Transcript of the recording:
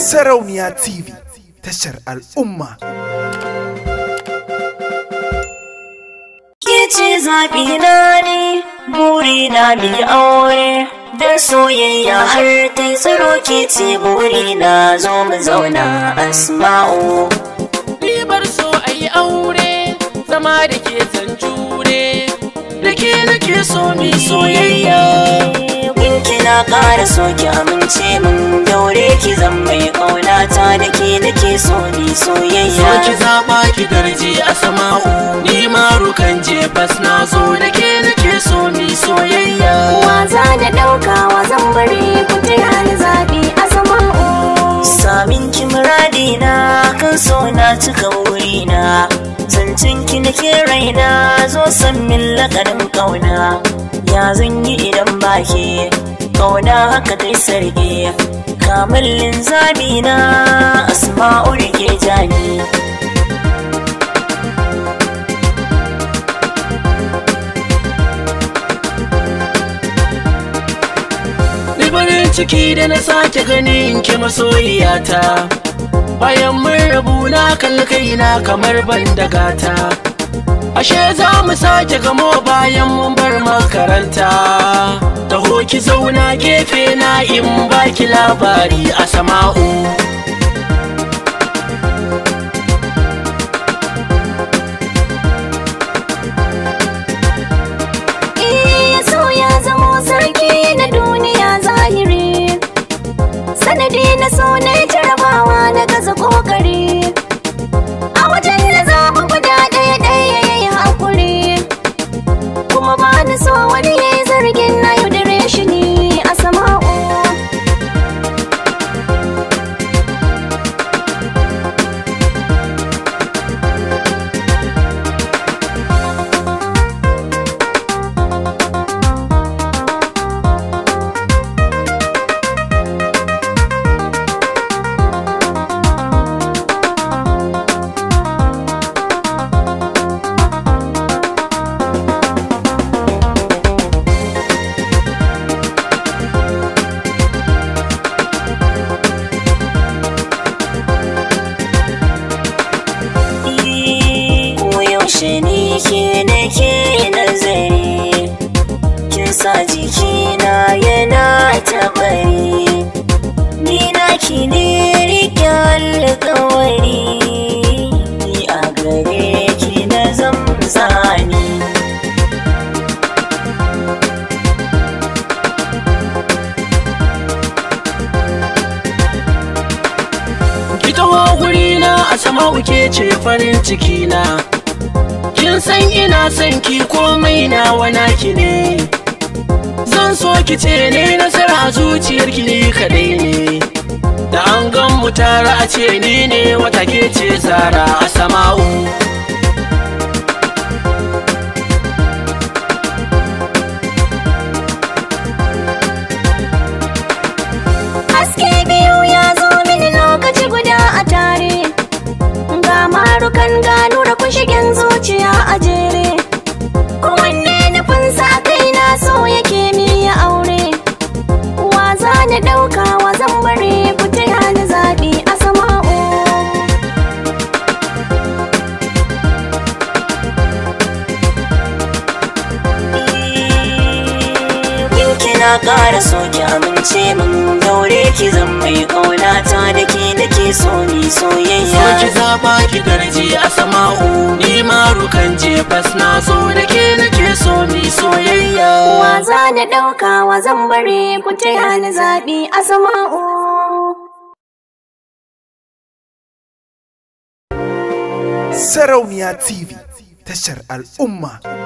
Sarauniya TV tashar al'umma. Kici zaɓi na ne, buri na mi aure, da soyayya har ta tsaro ke ce buri na zo mu zauna asma'u. Ribar so a aure, zama da ke zan jure, da ke nake so mi soyayya. kara ƙara ki amince mun daure ki zan mai ƙaunata da ke nake so ni soyayya so ki zaba ki darji a sama'u ni ma rukan je bas na zo da ke nake so ni soyayya da raina zo san min lakarin kauna ya zan yi idan ba ke kauna haka kai sarki kamallin zabi na asma'u rike jani farin ciki da na sake ganin ke masoyiyata bayan mun rabu na kalli kaina kamar ban da gata ashe za mu sake gamo bayan mun bar makaranta taho ki zauna gefe na in baki labari a sama'u shi nake nazari kisa jikina yana tabari ni ki ne rike alƙawari ni a gare ki na zamzani ki taho gurina a sama uke ce farin cikina san ina son ki komai na wana ki ne zan so ki ce ne nasara zuciyar ki ne kadai ne da an gan mu tara a ce ni ne wata ke ce zara a sama'u na ƙara so ki amince min daure, ki zan mai ƙaunata da ke da ke so ni soyayya so ki zaba ki darji a sama'u ni ma rukan je bas na so da ke da ke so ni soyayya wa za na ɗaukawa wa zan bare ku ni zaɓi a sama'u Sarauniya TV tashar al'umma